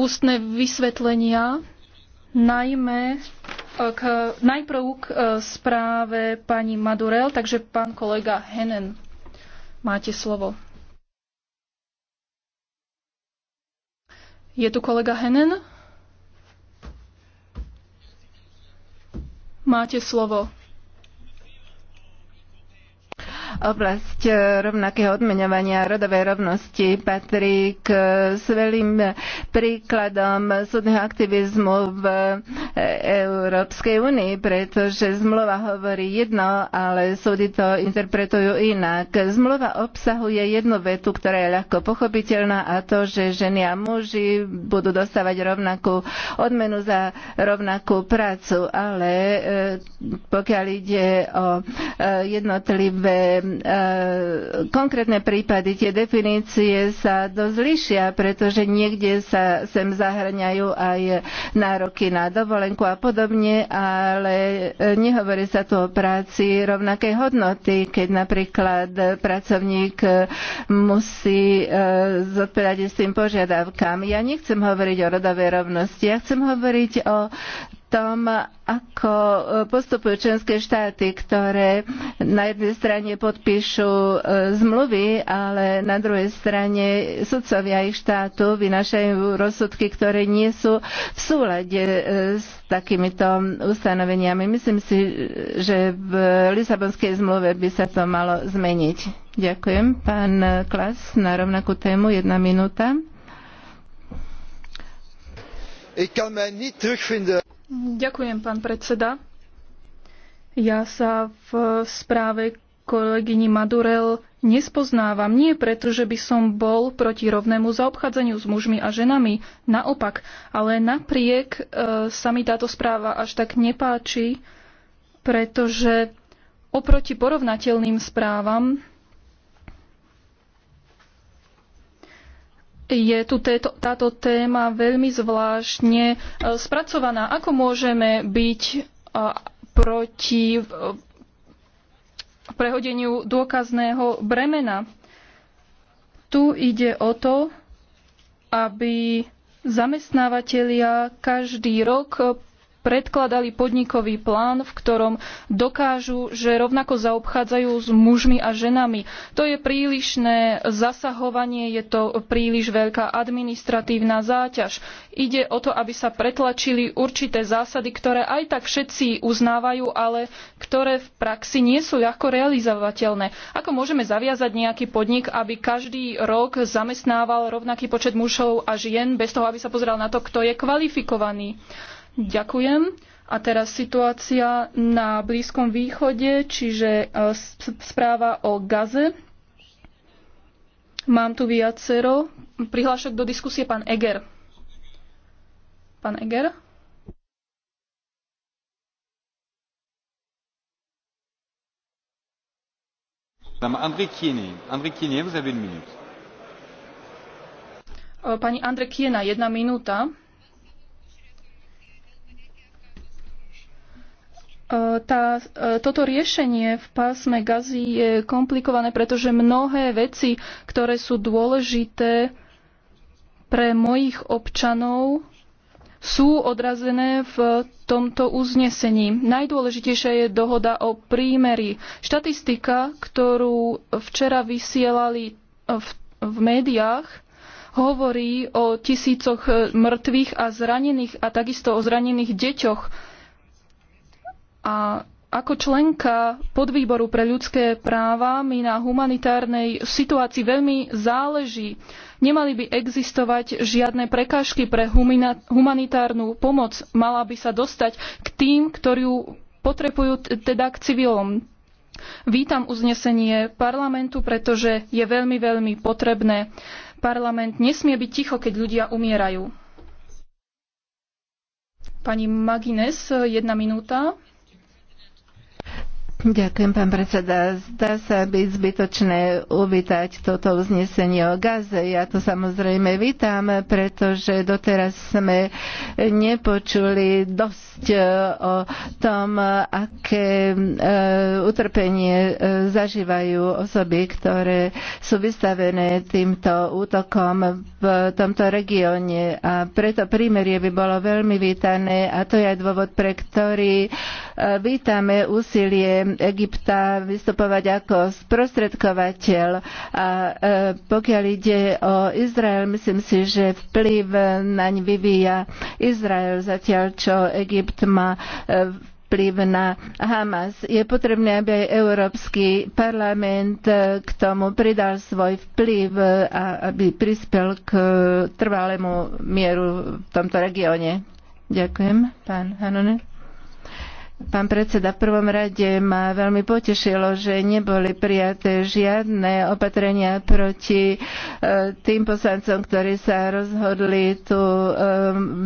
ústne vysvetlenia, najmä e, k, najprv k e, správe pani Madurel, takže pán kolega Henen, máte slovo. Je tu kolega Henen? Máte slovo. Oblasť e, rovnakého odmeňovania rodovej rovnosti patrí k svelým príkladom súdneho aktivizmu v Európskej únii, pretože zmluva hovorí jedno, ale súdy to interpretujú inak. Zmluva obsahuje jednu vetu, ktorá je ľahko pochopiteľná a to, že ženy a muži budú dostávať rovnakú odmenu za rovnakú prácu, ale e, pokiaľ ide o e, jednotlivé E, konkrétne prípady, tie definície sa dosť lišia, pretože niekde sa sem zahrňajú aj nároky na dovolenku a podobne, ale e, nehovorí sa tu o práci rovnakej hodnoty, keď napríklad pracovník e, musí zodpovedať s tým požiadavkám. Ja nechcem hovoriť o rodovej rovnosti, ja chcem hovoriť o tom, ako e, postupujú členské štáty, ktoré na jednej strane podpíšu e, zmluvy, ale na druhej strane sudcovia ich štátu vynašajú rozsudky, ktoré nie sú v súlade e, s takýmito ustanoveniami. Myslím si, že v Lisabonskej zmluve by sa to malo zmeniť. Ďakujem. Pán Klas, na rovnakú tému jedna minúta. Ik kan mij niet terugvinden Ďakujem, pán predseda. Ja sa v správe kolegyni Madurel nespoznávam. Nie preto, že by som bol proti rovnému zaobchádzaniu s mužmi a ženami. Naopak. Ale napriek e, sa mi táto správa až tak nepáči, pretože oproti porovnateľným správam je tu této, táto téma veľmi zvláštne e, spracovaná. Ako môžeme byť e, proti e, prehodeniu dôkazného bremena? Tu ide o to, aby zamestnávateľia každý rok predkladali podnikový plán, v ktorom dokážu, že rovnako zaobchádzajú s mužmi a ženami. To je prílišné zasahovanie, je to príliš veľká administratívna záťaž. Ide o to, aby sa pretlačili určité zásady, ktoré aj tak všetci uznávajú, ale ktoré v praxi nie sú ľahko realizovateľné. Ako môžeme zaviazať nejaký podnik, aby každý rok zamestnával rovnaký počet mužov a žien bez toho, aby sa pozeral na to, kto je kvalifikovaný? Ďakujem. A teraz situácia na Blízkom východe, čiže e, správa o Gaze. Mám tu viacero prihlášok do diskusie. Pán Eger. Pán Eger? E, pani André Kiena, jedna minúta. E, tá, e, toto riešenie v pásme gazy je komplikované, pretože mnohé veci, ktoré sú dôležité pre mojich občanov, sú odrazené v tomto uznesení. Najdôležitejšia je dohoda o prímeri. Štatistika, ktorú včera vysielali v, v médiách, hovorí o tisícoch mŕtvych a zranených a takisto o zranených deťoch a ako členka podvýboru pre ľudské práva mi na humanitárnej situácii veľmi záleží. Nemali by existovať žiadne prekážky pre humanitárnu pomoc. Mala by sa dostať k tým, ktorí ju potrebujú, teda k civilom. Vítam uznesenie parlamentu, pretože je veľmi, veľmi potrebné. Parlament nesmie byť ticho, keď ľudia umierajú. Pani Magines, jedna minúta. Ďakujem, pán predseda. Zdá sa byť zbytočné uvítať toto uznesenie o gaze. Ja to samozrejme vítam, pretože doteraz sme nepočuli dosť E, o tom, aké e, utrpenie e, zažívajú osoby, ktoré sú vystavené týmto útokom v tomto regióne. A preto prímerie by bolo veľmi vítané a to je aj dôvod, pre ktorý vítame úsilie Egypta vystupovať ako sprostredkovateľ. A pokiaľ ide o Izrael, myslím si, že vplyv naň vyvíja Izrael, zatiaľ čo Egypt Egypt má e, vplyv na Hamas. Je potrebné, aby aj Európsky parlament e, k tomu pridal svoj vplyv a aby prispel k trvalému mieru v tomto regióne. Ďakujem, pán Hanone. Pán predseda, v prvom rade ma veľmi potešilo, že neboli prijaté žiadne opatrenia proti e, tým poslancom, ktorí sa rozhodli tu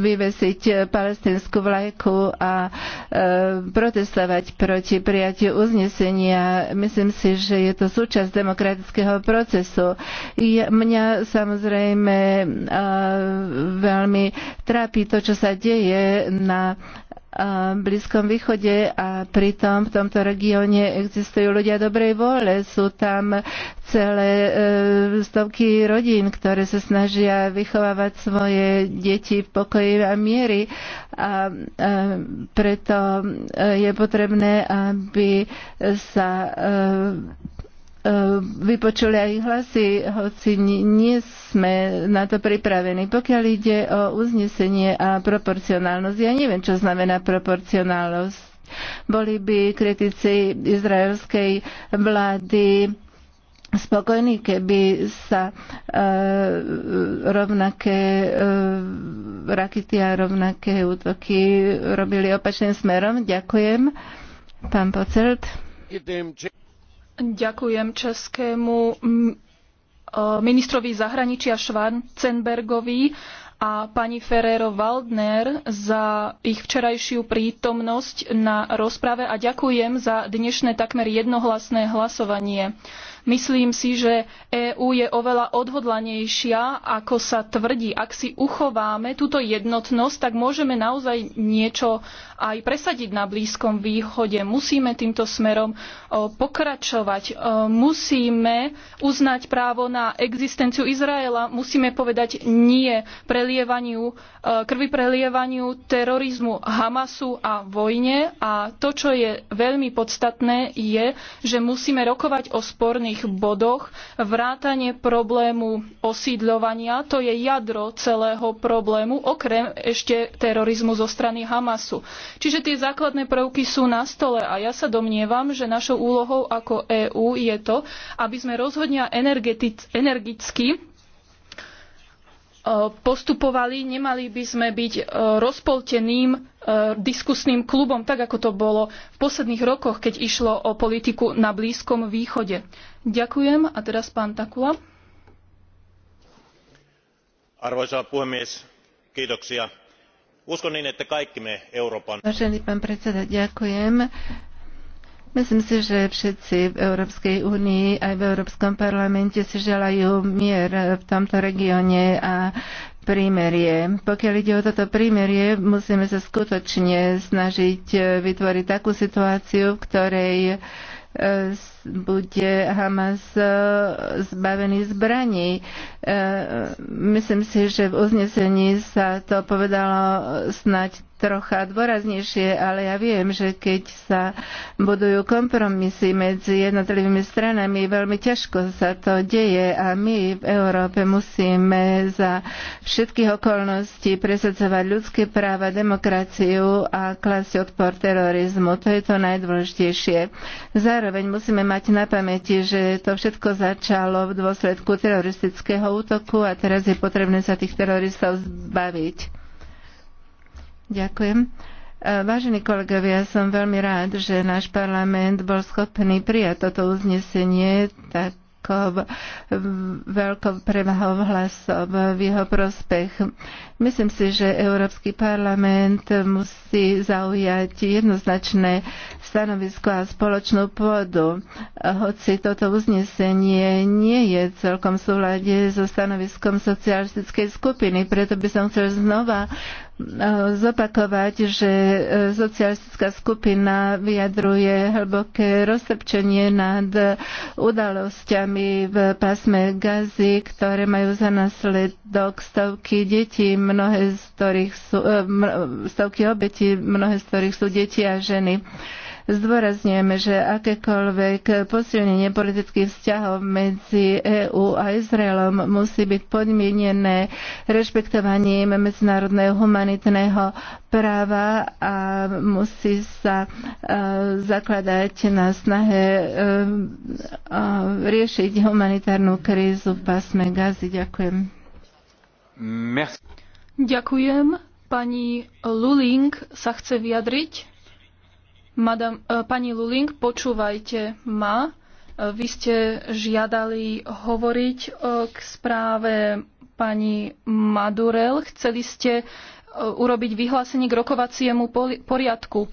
vyvesiť palestinskú vlajku a e, protestovať proti prijatiu uznesenia. Myslím si, že je to súčasť demokratického procesu. Mňa samozrejme e, veľmi trápi to, čo sa deje na Blízkom východe a pritom v tomto regióne existujú ľudia dobrej vôle. Sú tam celé e, stovky rodín, ktoré sa snažia vychovávať svoje deti v pokoji a miery a preto e, je potrebné, aby sa e, Ehm, vypočuli aj hlasy, hoci nie sme na to pripravení. Pokiaľ ide o uznesenie a proporcionálnosť, ja neviem, čo znamená proporcionálnosť. Boli by kritici izraelskej vlády spokojní, keby sa e, rovnaké e, rakety a rovnaké útoky robili opačným smerom. Ďakujem. Pán Pocelt. Ďakujem českému e, ministrovi zahraničia Schwarzenbergovi a pani Ferrero Waldner za ich včerajšiu prítomnosť na rozprave a ďakujem za dnešné takmer jednohlasné hlasovanie. Myslím si, že EÚ je oveľa odhodlanejšia, ako sa tvrdí. Ak si uchováme túto jednotnosť, tak môžeme naozaj niečo aj presadiť na Blízkom východe. Musíme týmto smerom pokračovať. Musíme uznať právo na existenciu Izraela. Musíme povedať nie prelievaniu, krvi prelievaniu terorizmu Hamasu a vojne. A to, čo je veľmi podstatné, je, že musíme rokovať o sporných rôznych bodoch. Vrátanie problému osídľovania, to je jadro celého problému, okrem ešte terorizmu zo strany Hamasu. Čiže tie základné prvky sú na stole a ja sa domnievam, že našou úlohou ako EÚ je to, aby sme rozhodne energeticky E, postupovali, nemali by sme byť e, rozpolteným e, diskusným klubom, tak ako to bolo v posledných rokoch, keď išlo o politiku na Blízkom východe. Ďakujem. A teraz pán Takula. Arvoisa puhemies, kiitoksia. Uskon niin, että kaikki me Euroopan... Vážený pán predseda, ďakujem Myslím si, že všetci v Európskej únii aj v Európskom parlamente si želajú mier v tomto regióne a prímerie. Pokiaľ ide o toto prímerie, musíme sa skutočne snažiť vytvoriť takú situáciu, v ktorej e, bude Hamas e, zbavený zbraní. E, myslím si, že v uznesení sa to povedalo snať trocha dôraznejšie, ale ja viem, že keď sa budujú kompromisy medzi jednotlivými stranami, veľmi ťažko sa to deje a my v Európe musíme za všetkých okolností presadzovať ľudské práva, demokraciu a klasť odpor terorizmu. To je to najdôležitejšie. Zároveň musíme mať na pamäti, že to všetko začalo v dôsledku teroristického útoku a teraz je potrebné sa tých teroristov zbaviť. Ďakujem. E, vážení kolegovia, som veľmi rád, že náš parlament bol schopný prijať toto uznesenie takou veľkou prevahou hlasov v jeho prospech. Myslím si, že Európsky parlament musí zaujať jednoznačné stanovisko a spoločnú pôdu. Hoci toto uznesenie nie je celkom súhľade so stanoviskom socialistickej skupiny, preto by som chcel znova Eh, zopakovať, že eh, socialistická skupina vyjadruje hlboké roztrpčenie nad eh, udalosťami v pásme Gazy, ktoré majú za následok stovky detí, mnohé z ktorých sú, stovky obetí, mnohé z ktorých sú deti a ženy. Zdôrazňujeme, že akékoľvek posilnenie politických vzťahov medzi EÚ a Izraelom musí byť podmienené rešpektovaním medzinárodného humanitného práva a musí sa e, zakladať na snahe e, riešiť humanitárnu krízu v pásme Gazy. Ďakujem. Merci. Ďakujem. Pani Luling sa chce vyjadriť. Madam, e, pani Luling, počúvajte ma. E, vy ste žiadali hovoriť e, k správe pani Madurel. Chceli ste urobiť vyhlásenie k rokovaciemu poriadku.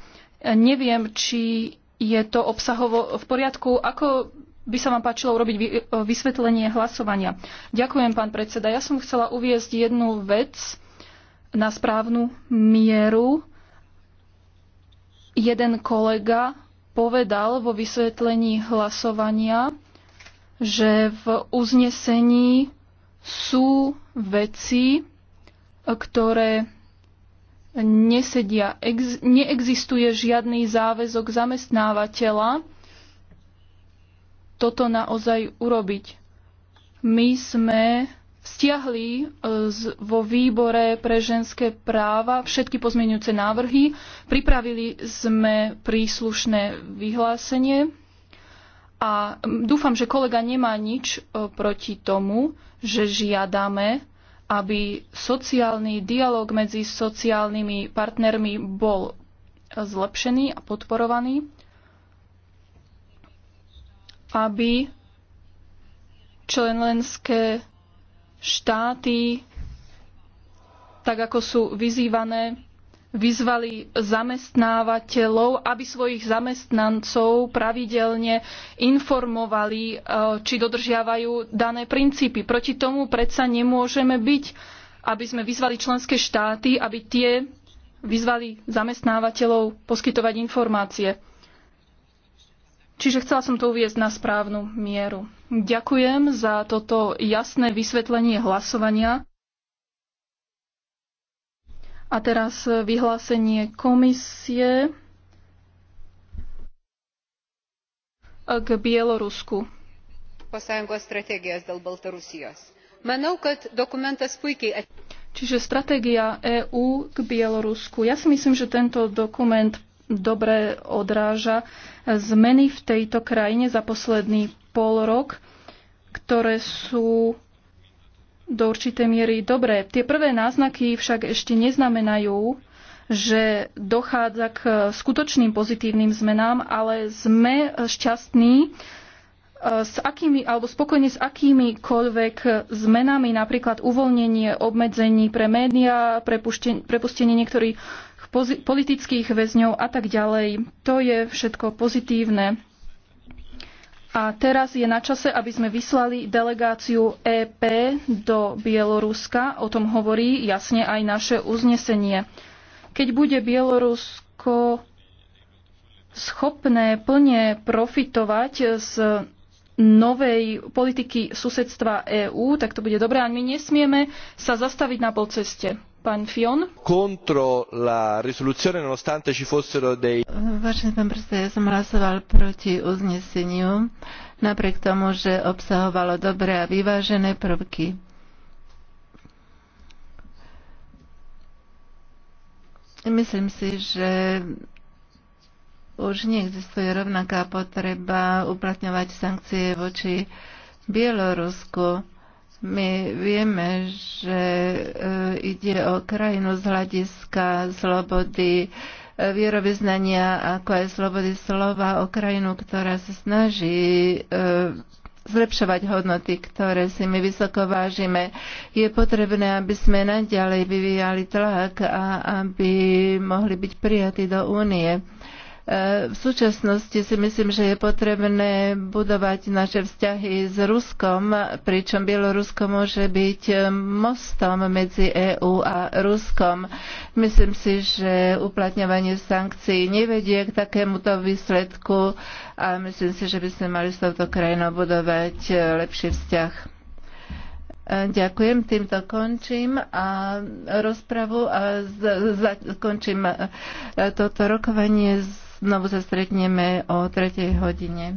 Neviem, či je to obsahovo v poriadku. Ako by sa vám páčilo urobiť vysvetlenie hlasovania? Ďakujem, pán predseda. Ja som chcela uviezť jednu vec na správnu mieru Jeden kolega povedal vo vysvetlení hlasovania, že v uznesení sú veci, ktoré nesedia. Ex- neexistuje žiadny záväzok zamestnávateľa toto naozaj urobiť. My sme stiahli e, vo výbore pre ženské práva všetky pozmeňujúce návrhy. Pripravili sme príslušné vyhlásenie a dúfam, že kolega nemá nič e, proti tomu, že žiadame, aby sociálny dialog medzi sociálnymi partnermi bol zlepšený a podporovaný, aby členské štáty, tak ako sú vyzývané, vyzvali zamestnávateľov, aby svojich zamestnancov pravidelne informovali, e, či dodržiavajú dané princípy. Proti tomu predsa nemôžeme byť, aby sme vyzvali členské štáty, aby tie vyzvali zamestnávateľov poskytovať informácie. Čiže chcela som to uviezť na správnu mieru. Ďakujem za toto jasné vysvetlenie hlasovania. A teraz vyhlásenie komisie k Bielorusku. Baltarusijos. Manau, kad dokumentas puikiai. Čiže stratégia EÚ k Bielorusku. Ja si myslím, že tento dokument dobre odráža zmeny v tejto krajine za posledný pol rok, ktoré sú do určitej miery dobré. Tie prvé náznaky však ešte neznamenajú, že dochádza k skutočným pozitívnym zmenám, ale sme šťastní, e, s akými, alebo spokojne s akýmikoľvek zmenami, napríklad uvoľnenie obmedzení pre médiá, prepustenie niektorých politických väzňov a tak ďalej. To je všetko pozitívne. A teraz je na čase, aby sme vyslali delegáciu EP do Bieloruska. O tom hovorí jasne aj naše uznesenie. Keď bude Bielorusko schopné plne profitovať z novej politiky susedstva EÚ, tak to bude dobré. A my nesmieme sa zastaviť na polceste. Contro la risoluzione nonostante ci fossero dei... Vážený pán predseda, ja som hlasoval proti uzneseniu, napriek tomu, že obsahovalo dobré a vyvážené prvky. Myslím si, že už neexistuje rovnaká potreba uplatňovať sankcie voči Bielorusku my vieme, že e, ide o krajinu z hľadiska slobody e, vierovýznania, ako aj slobody slova, o krajinu, ktorá sa snaží e, zlepšovať hodnoty, ktoré si my vysoko vážime. Je potrebné, aby sme naďalej vyvíjali tlak a aby mohli byť prijatí do únie. V súčasnosti si myslím, že je potrebné budovať naše vzťahy s Ruskom, pričom Bielorusko môže byť mostom medzi EÚ a Ruskom. Myslím si, že uplatňovanie sankcií nevedie k takémuto výsledku a myslím si, že by sme mali s touto krajinou budovať lepší vzťah. Ďakujem, týmto končím a rozpravu a končím toto rokovanie s Znovu sa stretneme o tretej hodine.